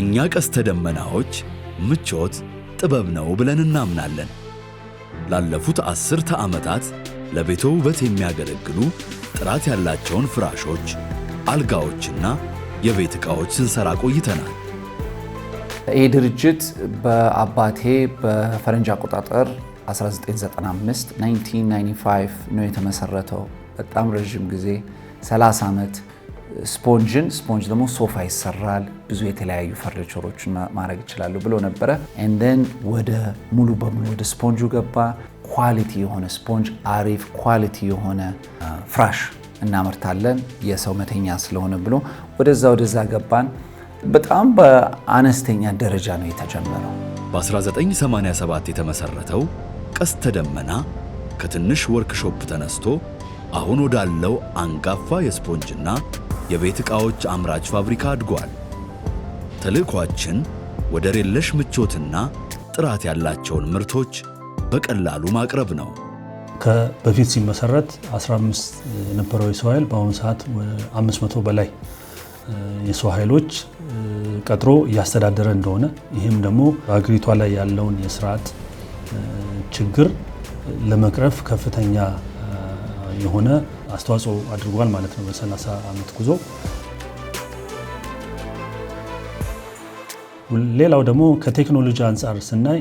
እኛ ቀስተ ደመናዎች ምቾት ጥበብ ነው ብለን እናምናለን። ላለፉት አስር ዓመታት ለቤቶ ውበት የሚያገለግሉ ጥራት ያላቸውን ፍራሾች፣ አልጋዎችና የቤት ዕቃዎች ስንሰራ ቆይተናል። ይህ ድርጅት በአባቴ በፈረንጅ አቆጣጠር 1995 1995 ነው የተመሰረተው። በጣም ረዥም ጊዜ 30 ዓመት ስፖንጅን ስፖንጅ ደግሞ ሶፋ ይሰራል፣ ብዙ የተለያዩ ፈርኒቸሮችን ማድረግ ይችላሉ ብሎ ነበረ። ንን ወደ ሙሉ በሙሉ ወደ ስፖንጁ ገባ። ኳሊቲ የሆነ ስፖንጅ፣ አሪፍ ኳሊቲ የሆነ ፍራሽ እናመርታለን የሰው መተኛ ስለሆነ ብሎ ወደዛ ወደዛ ገባን። በጣም በአነስተኛ ደረጃ ነው የተጀመረው። በ1987 የተመሰረተው ቀስተ ደመና ከትንሽ ወርክሾፕ ተነስቶ አሁን ወዳለው አንጋፋ የስፖንጅና የቤት ዕቃዎች አምራች ፋብሪካ አድጓል። ተልእኳችን ወደር የለሽ ምቾትና ጥራት ያላቸውን ምርቶች በቀላሉ ማቅረብ ነው። በፊት ሲመሰረት 15 የነበረው የሰው ኃይል በአሁኑ ሰዓት 500 በላይ የሰው ኃይሎች ቀጥሮ እያስተዳደረ እንደሆነ ይህም ደግሞ በሀገሪቷ ላይ ያለውን የስርዓት ችግር ለመቅረፍ ከፍተኛ የሆነ አስተዋጽኦ አድርጓል ማለት ነው። በሰላሳ ዓመት ጉዞ ሌላው ደግሞ ከቴክኖሎጂ አንጻር ስናይ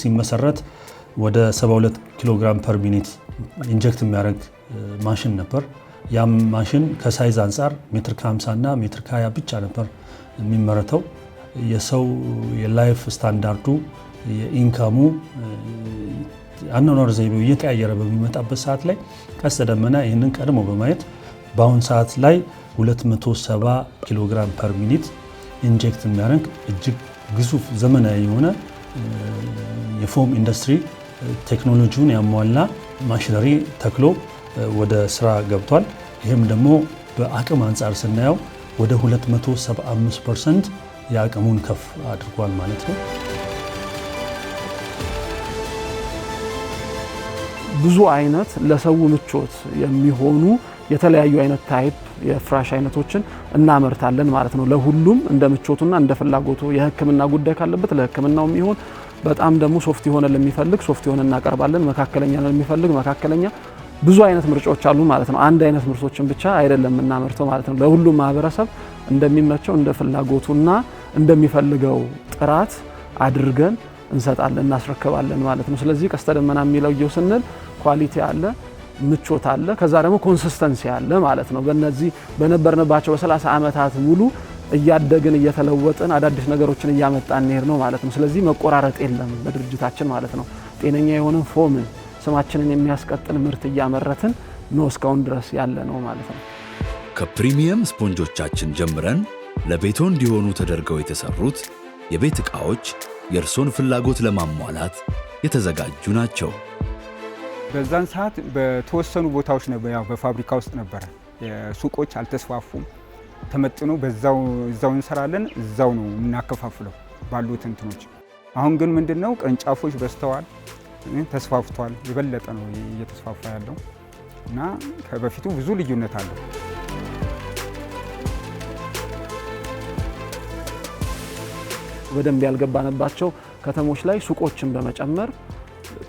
ሲመሰረት ወደ 72 ኪሎ ግራም ፐር ሚኒት ኢንጀክት የሚያደርግ ማሽን ነበር። ያም ማሽን ከሳይዝ አንጻር ሜትር ከ50 እና ሜትር ከ20 ብቻ ነበር የሚመረተው። የሰው የላይፍ ስታንዳርዱ የኢንካሙ አኗኗር ዘይቤው እየተቀያየረ በሚመጣበት ሰዓት ላይ ቀስተ ደመና ይህንን ቀድሞ በማየት በአሁን ሰዓት ላይ 270 ኪሎ ግራም ፐር ሚኒት ኢንጀክት የሚያደርግ እጅግ ግዙፍ ዘመናዊ የሆነ የፎም ኢንዱስትሪ ቴክኖሎጂውን ያሟላ ማሽነሪ ተክሎ ወደ ስራ ገብቷል። ይህም ደግሞ በአቅም አንጻር ስናየው ወደ 275 ፐርሰንት የአቅሙን ከፍ አድርጓል ማለት ነው። ብዙ አይነት ለሰው ምቾት የሚሆኑ የተለያዩ አይነት ታይፕ የፍራሽ አይነቶችን እናመርታለን ማለት ነው። ለሁሉም እንደ ምቾቱና እንደ ፍላጎቱ የህክምና ጉዳይ ካለበት ለህክምናው የሚሆን በጣም ደግሞ ሶፍት የሆነ ለሚፈልግ ሶፍት የሆነ እናቀርባለን። መካከለኛ ለሚፈልግ መካከለኛ፣ ብዙ አይነት ምርጫዎች አሉ ማለት ነው። አንድ አይነት ምርቶችን ብቻ አይደለም እናመርተው ማለት ነው። ለሁሉም ማህበረሰብ እንደሚመቸው እንደ ፍላጎቱና እንደሚፈልገው ጥራት አድርገን እንሰጣለን፣ እናስረክባለን ማለት ነው። ስለዚህ ቀስተ ደመና የሚለየው ስንል ኳሊቲ አለ፣ ምቾት አለ፣ ከዛ ደግሞ ኮንሲስተንሲ አለ ማለት ነው። በእነዚህ በነበርንባቸው በሰላሳ ዓመታት ሙሉ እያደግን እየተለወጥን አዳዲስ ነገሮችን እያመጣን እንሄድ ነው ማለት ነው። ስለዚህ መቆራረጥ የለም በድርጅታችን ማለት ነው። ጤነኛ የሆነ ፎምን ስማችንን የሚያስቀጥል ምርት እያመረትን ነው እስካሁን ድረስ ያለ ነው ማለት ነው። ከፕሪሚየም ስፖንጆቻችን ጀምረን ለቤቶ እንዲሆኑ ተደርገው የተሰሩት የቤት ዕቃዎች የእርሶን ፍላጎት ለማሟላት የተዘጋጁ ናቸው። በዛን ሰዓት በተወሰኑ ቦታዎች ያው በፋብሪካ ውስጥ ነበረ። ሱቆች አልተስፋፉም። ተመጥኖ በዛው እዛው እንሰራለን፣ እዛው ነው የምናከፋፍለው ባሉት እንትኖች። አሁን ግን ምንድን ነው ቅርንጫፎች በዝተዋል፣ ተስፋፍቷል። የበለጠ ነው እየተስፋፋ ያለው እና ከበፊቱ ብዙ ልዩነት አለው። በደንብ ያልገባንባቸው ከተሞች ላይ ሱቆችን በመጨመር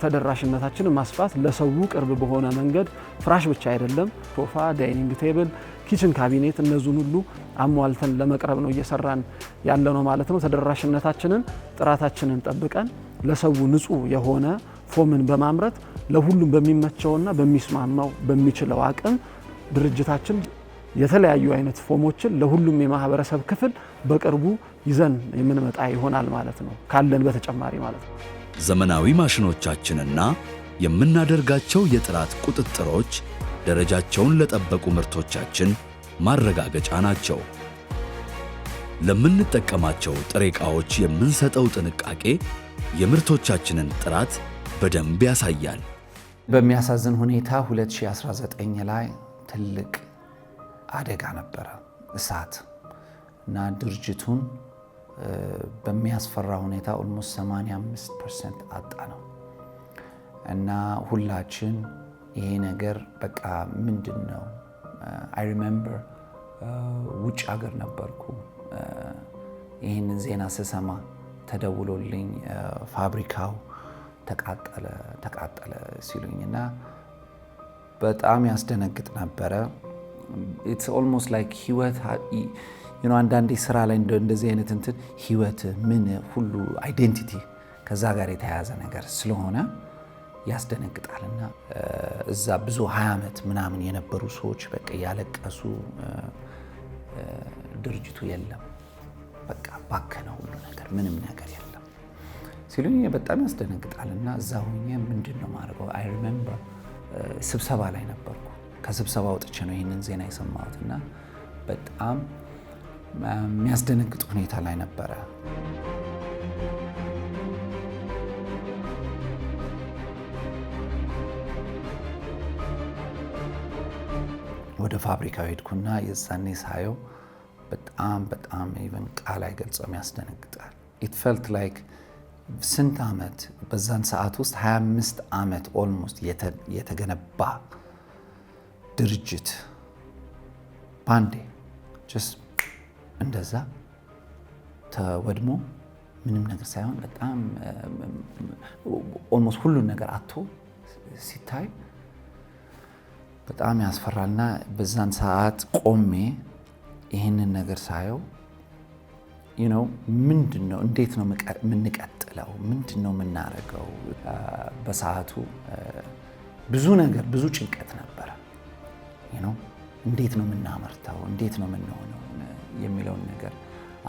ተደራሽነታችንን ማስፋት ለሰው ቅርብ በሆነ መንገድ ፍራሽ ብቻ አይደለም፣ ሶፋ፣ ዳይኒንግ ቴብል፣ ኪችን ካቢኔት እነዚህን ሁሉ አሟልተን ለመቅረብ ነው እየሰራን ያለ ነው ማለት ነው። ተደራሽነታችንን ጥራታችንን ጠብቀን ለሰው ንጹህ የሆነ ፎምን በማምረት ለሁሉም በሚመቸውና በሚስማማው በሚችለው አቅም ድርጅታችን የተለያዩ አይነት ፎሞችን ለሁሉም የማህበረሰብ ክፍል በቅርቡ ይዘን የምንመጣ ይሆናል ማለት ነው። ካለን በተጨማሪ ማለት ነው። ዘመናዊ ማሽኖቻችንና የምናደርጋቸው የጥራት ቁጥጥሮች ደረጃቸውን ለጠበቁ ምርቶቻችን ማረጋገጫ ናቸው። ለምንጠቀማቸው ጥሬ ዕቃዎች የምንሰጠው ጥንቃቄ የምርቶቻችንን ጥራት በደንብ ያሳያል። በሚያሳዝን ሁኔታ 2019 ላይ ትልቅ አደጋ ነበረ፣ እሳት እና ድርጅቱን በሚያስፈራ ሁኔታ ኦልሞስት 85 ፐርሰንት አጣ ነው እና ሁላችን ይሄ ነገር በቃ ምንድን ነው አይ ሪሜምበር ውጭ ሀገር ነበርኩ። ይህንን ዜና ስሰማ ተደውሎልኝ ፋብሪካው ተቃጠለ ተቃጠለ ሲሉኝ እና በጣም ያስደነግጥ ነበረ። ኢትስ ኦልሞስት ላይክ ህይወት አንዳንዴ ስራ ላይ እንደዚህ አይነት እንትን ህይወት ምን ሁሉ አይዴንቲቲ ከዛ ጋር የተያያዘ ነገር ስለሆነ ያስደነግጣልና እዛ ብዙ ሀያ ዓመት ምናምን የነበሩ ሰዎች በቃ ያለቀሱ ድርጅቱ የለም በቃ ባከነ ሁሉ ነገር ምንም ነገር የለም ሲሉኝ በጣም ያስደነግጣልና እዛ ሆኜ ምንድን ነው ማድረገው አይ ሪሜምበር ስብሰባ ላይ ነበርኩ ከስብሰባ ወጥቼ ነው ይህንን ዜና የሰማሁትና በጣም የሚያስደነግጥ ሁኔታ ላይ ነበረ። ወደ ፋብሪካው ሄድኩና የዛኔ ሳየው በጣም በጣም ኢቨን ቃል አይገልጸም፣ ያስደነግጣል። ኢት ፈልት ላይክ ስንት ዓመት በዛን ሰዓት ውስጥ 25 ዓመት ኦልሞስት የተገነባ ድርጅት ባንዴ እንደዛ ተወድሞ ምንም ነገር ሳይሆን በጣም ኦልሞስት ሁሉን ነገር አቶ ሲታይ በጣም ያስፈራልና በዛን ሰዓት ቆሜ ይህንን ነገር ሳየው ነው ምንድን ነው እንዴት ነው የምንቀጥለው? ምንድን ነው የምናደርገው? በሰዓቱ ብዙ ነገር ብዙ ጭንቀት ነበረ ነው እንዴት ነው የምናመርተው፣ እንዴት ነው የምንሆነው የሚለውን ነገር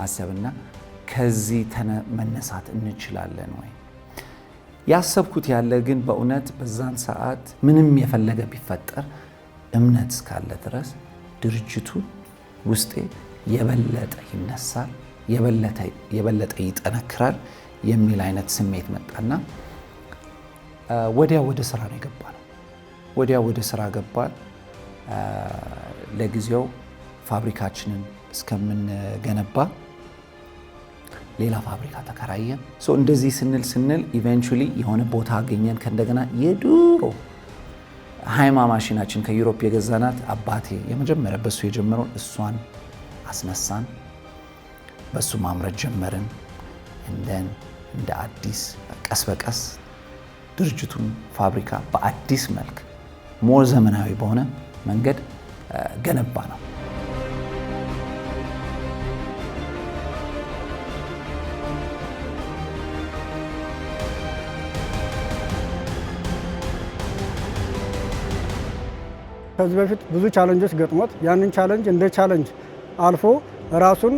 አሰብና ከዚህ መነሳት እንችላለን ወይ ያሰብኩት ያለ ግን በእውነት በዛን ሰዓት ምንም የፈለገ ቢፈጠር እምነት እስካለ ድረስ ድርጅቱ ውስጤ የበለጠ ይነሳል፣ የበለጠ ይጠነክራል የሚል አይነት ስሜት መጣና ወዲያ ወደ ስራ ነው የገባ ነው። ወዲያ ወደ ስራ ገባል። ለጊዜው ፋብሪካችንን እስከምንገነባ ሌላ ፋብሪካ ተከራየን። እንደዚህ ስንል ስንል ኢቨንቹሊ የሆነ ቦታ አገኘን። ከእንደገና የድሮ ሃይማ ማሽናችን ከዩሮፕ የገዛናት አባቴ የመጀመሪያ በሱ የጀመረውን እሷን አስነሳን። በሱ ማምረት ጀመርን። እንደን እንደ አዲስ ቀስ በቀስ ድርጅቱን ፋብሪካ በአዲስ መልክ ሞር ዘመናዊ በሆነ መንገድ ገነባ ነው። ከዚህ በፊት ብዙ ቻለንጆች ገጥሞት ያንን ቻለንጅ እንደ ቻለንጅ አልፎ ራሱን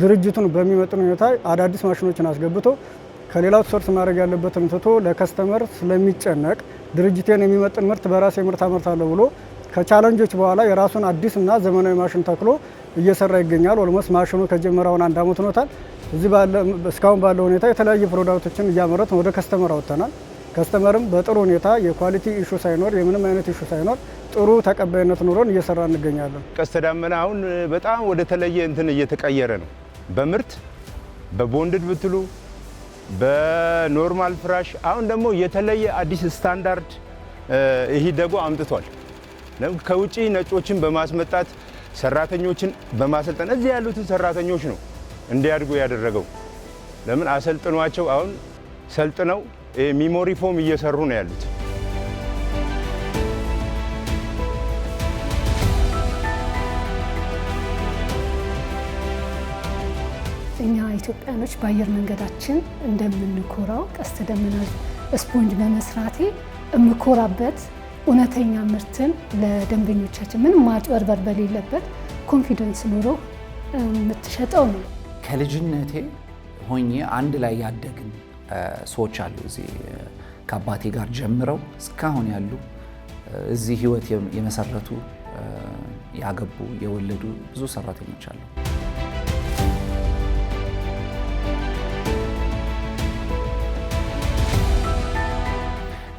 ድርጅቱን በሚመጥን ሁኔታ አዳዲስ ማሽኖችን አስገብቶ ከሌላው ሶርስ ማድረግ ያለበትን ትቶ ለከስተመር ስለሚጨነቅ ድርጅቴን የሚመጥን ምርት በራሴ ምርት አመርታለሁ ብሎ ከቻለንጆች በኋላ የራሱን አዲስ እና ዘመናዊ ማሽን ተክሎ እየሰራ ይገኛል። ኦልሞስት ማሽኑ ከጀመረውን አንድ አመት ሆኖታል። እዚህ እስካሁን ባለው ሁኔታ የተለያዩ ፕሮዳክቶችን እያመረት ወደ ከስተመር አውተናል። ከስተመርም በጥሩ ሁኔታ የኳሊቲ ኢሹ ሳይኖር የምንም አይነት ኢሹ ሳይኖር ጥሩ ተቀባይነት ኑሮን እየሰራ እንገኛለን። ቀስተ አሁን በጣም ወደ ተለየ እንትን እየተቀየረ ነው። በምርት በቦንድድ ብትሉ በኖርማል ፍራሽ አሁን ደግሞ የተለየ አዲስ ስታንዳርድ ይሄ ደግሞ አምጥቷል። ከውጭ ነጮችን በማስመጣት ሰራተኞችን በማሰልጠን እዚህ ያሉትን ሰራተኞች ነው እንዲያድጉ ያደረገው። ለምን አሰልጥኗቸው አሁን ሰልጥነው ሚሞሪ ፎም እየሰሩ ነው ያሉት። እኛ ኢትዮጵያኖች በአየር መንገዳችን እንደምንኮራው ቀስተ ደመና ስፖንጅ በመስራቴ የምኮራበት እውነተኛ ምርትን ለደንበኞቻችን ምንም ማጭበርበር በሌለበት ኮንፊደንስ ኑሮ የምትሸጠው ነው። ከልጅነቴ ሆኜ አንድ ላይ ያደግን ሰዎች አሉ። እዚህ ከአባቴ ጋር ጀምረው እስካሁን ያሉ እዚህ ህይወት የመሰረቱ ያገቡ፣ የወለዱ ብዙ ሰራተኞች አሉ።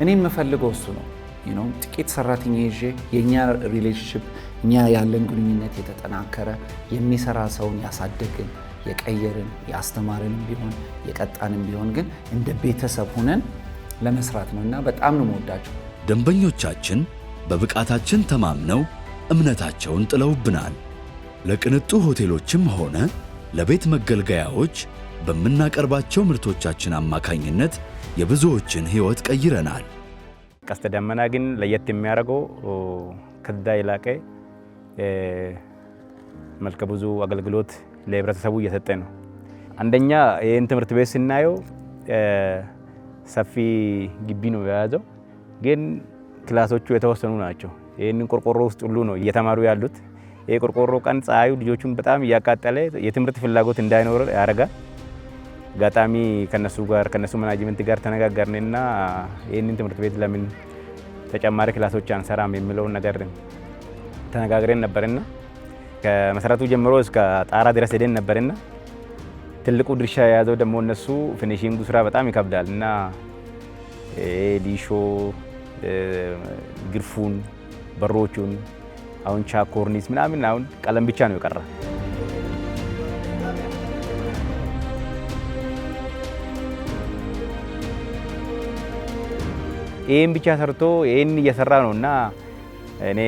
እኔ የምፈልገው እሱ ነው። ጥቂት ሰራተኛ ይዤ የእኛ ሪሌሽንሽፕ እኛ ያለን ግንኙነት የተጠናከረ የሚሰራ ሰውን ያሳደግን የቀየርን የአስተማርንም ቢሆን የቀጣንም ቢሆን ግን እንደ ቤተሰብ ሆነን ለመስራት ነው እና በጣም ነው መወዳቸው። ደንበኞቻችን በብቃታችን ተማምነው እምነታቸውን ጥለውብናል። ለቅንጡ ሆቴሎችም ሆነ ለቤት መገልገያዎች በምናቀርባቸው ምርቶቻችን አማካኝነት የብዙዎችን ሕይወት ቀይረናል። ቀስተ ደመና ግን ለየት የሚያደርገው ከዛ የላቀ መልከ ብዙ አገልግሎት ለህብረተሰቡ እየሰጠ ነው። አንደኛ ይህን ትምህርት ቤት ስናየው ሰፊ ግቢ ነው የያዘው፣ ግን ክላሶቹ የተወሰኑ ናቸው። ይህንን ቆርቆሮ ውስጥ ሁሉ ነው እየተማሩ ያሉት። ይህ ቆርቆሮ ቀን ፀሐዩ ልጆቹን በጣም እያቃጠለ የትምህርት ፍላጎት እንዳይኖር ያደርጋል። አጋጣሚ ከነሱ ጋር ከነሱ ማናጅመንት ጋር ተነጋገርንና ይህንን ትምህርት ቤት ለምን ተጨማሪ ክላሶች አንሰራም የሚለውን ነገር ተነጋግረን ነበርና ከመሰረቱ ጀምሮ እስከ ጣራ ድረስ ሄደን ነበርና ትልቁ ድርሻ የያዘው ደግሞ እነሱ ፊኒሺንጉ ስራ በጣም ይከብዳል እና ሊሾ ግርፉን፣ በሮቹን አሁን ቻክ ኮርኒስ ምናምን አሁን ቀለም ብቻ ነው የቀረ። ይህን ብቻ ሰርቶ ይህን እየሰራ ነው እና እኔ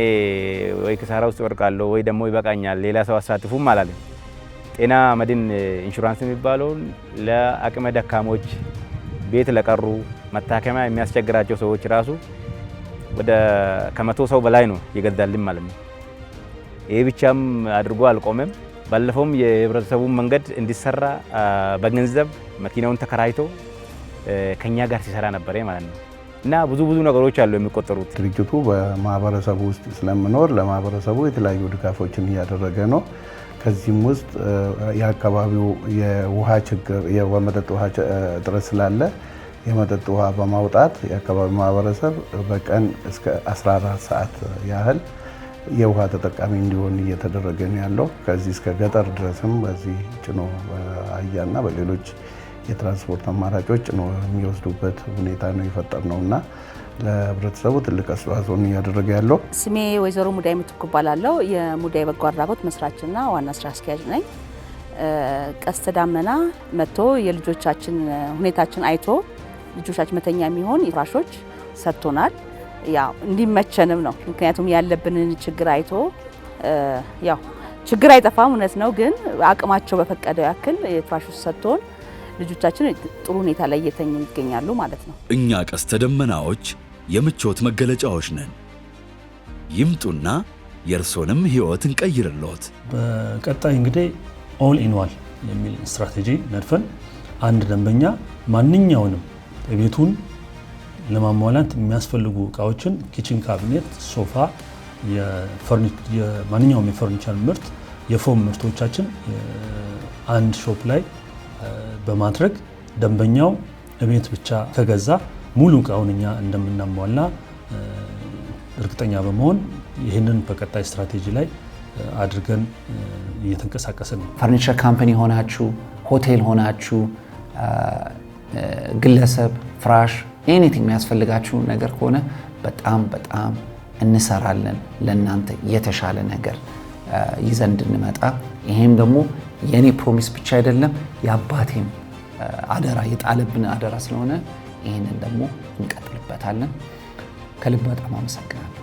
ወይ ክሳራ ውስጥ ወርቃለሁ ወይ ደግሞ ይበቃኛል ሌላ ሰው አሳትፉም አላለኝ። ጤና መድን ኢንሹራንስ የሚባለውን ለአቅመ ደካሞች፣ ቤት ለቀሩ፣ መታከሚያ የሚያስቸግራቸው ሰዎች ራሱ ወደ ከመቶ ሰው በላይ ነው ይገዛልን ማለት ነው። ይህ ብቻም አድርጎ አልቆመም። ባለፈውም የህብረተሰቡን መንገድ እንዲሰራ በገንዘብ መኪናውን ተከራይቶ ከኛ ጋር ሲሰራ ነበረ ማለት ነው። እና ብዙ ብዙ ነገሮች አሉ የሚቆጠሩት። ድርጅቱ በማህበረሰቡ ውስጥ ስለምኖር ለማህበረሰቡ የተለያዩ ድጋፎችን እያደረገ ነው። ከዚህም ውስጥ የአካባቢው የውሃ ችግር የመጠጥ ውሃ እጥረት ስላለ የመጠጥ ውሃ በማውጣት የአካባቢው ማህበረሰብ በቀን እስከ 14 ሰዓት ያህል የውሃ ተጠቃሚ እንዲሆን እየተደረገ ነው ያለው። ከዚህ እስከ ገጠር ድረስም በዚህ ጭኖ በአህያና በሌሎች የትራንስፖርት አማራጮች ነው የሚወስዱበት ሁኔታ ነው የፈጠር ነው እና ለህብረተሰቡ ትልቅ አስተዋጽኦን እያደረገ ያለው። ስሜ ወይዘሮ ሙዳይ ምትኩ እባላለሁ። የሙዳይ በጎ አድራጎት መስራችና ዋና ስራ አስኪያጅ ነኝ። ቀስተ ዳመና መጥቶ የልጆቻችን ሁኔታችን አይቶ ልጆቻችን መተኛ የሚሆን ፍራሾች ሰጥቶናል። ያው እንዲመቸንም ነው። ምክንያቱም ያለብንን ችግር አይቶ ያው ችግር አይጠፋም እውነት ነው፣ ግን አቅማቸው በፈቀደው ያክል ፍራሾች ሰጥቶን ልጆቻችን ጥሩ ሁኔታ ላይ እየተኙ ይገኛሉ ማለት ነው። እኛ ቀስተ ደመናዎች የምቾት መገለጫዎች ነን። ይምጡና የእርሶንም ህይወት እንቀይርለት በቀጣይ እንግዲህ ኦል ኢንዋል የሚል ስትራቴጂ ነድፈን አንድ ደንበኛ ማንኛውንም ቤቱን ለማሟላት የሚያስፈልጉ እቃዎችን ኪችን ካቢኔት፣ ሶፋ፣ ማንኛውም የፈርኒቸር ምርት፣ የፎም ምርቶቻችን አንድ ሾፕ ላይ በማድረግ ደንበኛው እቤት ብቻ ከገዛ ሙሉ እቃውን እኛ እንደምናሟላ እርግጠኛ በመሆን ይህንን በቀጣይ ስትራቴጂ ላይ አድርገን እየተንቀሳቀስን ነው። ፈርኒቸር ካምፓኒ ሆናችሁ፣ ሆቴል ሆናችሁ፣ ግለሰብ ፍራሽ፣ ኤኒቲንግ የሚያስፈልጋችሁ ነገር ከሆነ በጣም በጣም እንሰራለን ለእናንተ የተሻለ ነገር ይዘን እንድንመጣ ይሄም ደግሞ የእኔ ፕሮሚስ ብቻ አይደለም የአባቴም አደራ የጣለብን አደራ ስለሆነ ይህንን ደግሞ እንቀጥልበታለን። ከልብ በጣም አመሰግናለሁ።